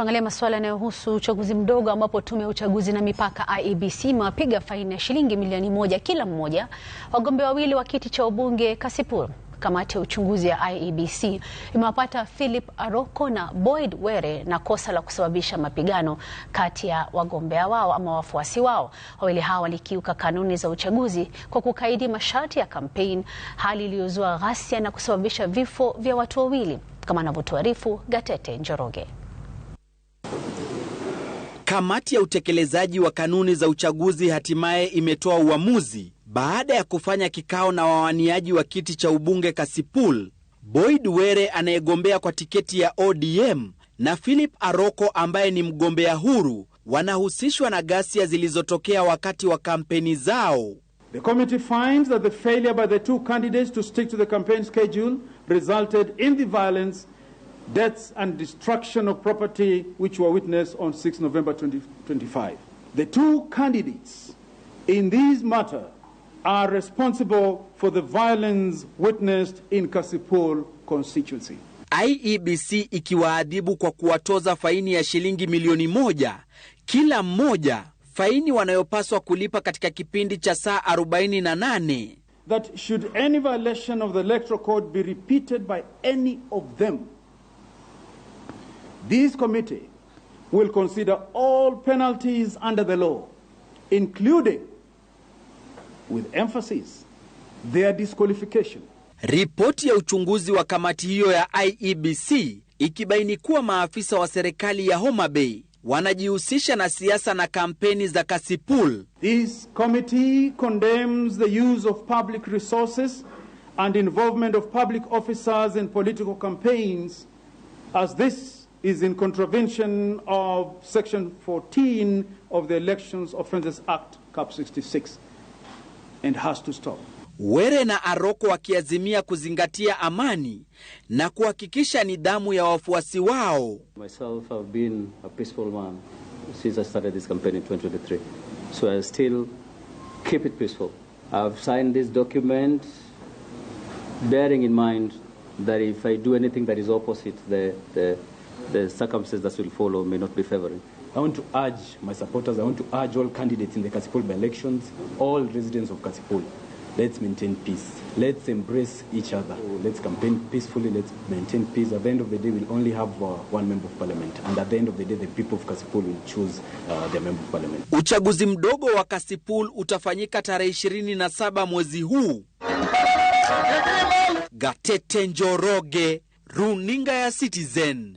Tuangalie masuala yanayohusu uchaguzi mdogo ambapo tume ya uchaguzi na mipaka IEBC imewapiga faini ya shilingi milioni moja kila mmoja wagombea wawili wa kiti cha ubunge Kasipul. Kamati ya uchunguzi ya IEBC imewapata Philip Aroko na Boyd Were na kosa la kusababisha mapigano kati ya wagombea wao ama wafuasi wao. Wawili hao walikiuka kanuni za uchaguzi kwa kukaidi masharti ya kampeni, hali iliyozua ghasia na kusababisha vifo vya watu wawili, kama anavyotuarifu Gatete Njoroge. Kamati ya utekelezaji wa kanuni za uchaguzi hatimaye imetoa uamuzi baada ya kufanya kikao na wawaniaji wa kiti cha ubunge Kasipul, Boyd Were anayegombea kwa tiketi ya ODM na Philip Aroko ambaye ni mgombea huru wanahusishwa na ghasia zilizotokea wakati wa kampeni zao. The committee finds that the failure by the two candidates to stick to the campaign schedule resulted in the violence deaths and destruction of property which were witnessed on 6 November 2025. The two candidates in this matter are responsible for the violence witnessed in Kasipul constituency. IEBC ikiwaadhibu kwa kuwatoza faini ya shilingi milioni moja kila mmoja, faini wanayopaswa kulipa katika kipindi cha saa 48 that should any violation of the electoral code be repeated by any of them This committee will consider all penalties under the law, including, with emphasis, their disqualification. Ripoti ya uchunguzi wa kamati hiyo ya IEBC ikibaini kuwa maafisa wa serikali ya Homa Bay wanajihusisha na siasa na kampeni za Kasipul. This committee condemns the use of public resources and involvement of public officers in political campaigns as this is in contravention of Section 14 of the Elections Offences Act, Cap 66, and has to stop. Were na Aroko wakiazimia kuzingatia amani na kuhakikisha nidhamu ya wafuasi wao. Myself have been a peaceful man since I started this campaign in 2023. So I still keep it peaceful. I've signed this document bearing in mind that if I do anything that is opposite the, the the circumstances that will follow may not be favoring. I want to urge my supporters, I want to urge all candidates in the Kasipul by-elections, all residents of Kasipul, let's maintain peace. Let's embrace each other. Let's campaign peacefully. Let's maintain peace. At the end of the day, we'll only have uh, one member of parliament. And at the end of the day, the people of Kasipul will choose uh, their member of parliament. Uchaguzi mdogo wa Kasipul utafanyika tarehe 27 mwezi huu. Gatete Njoroge, Runinga ya Citizen.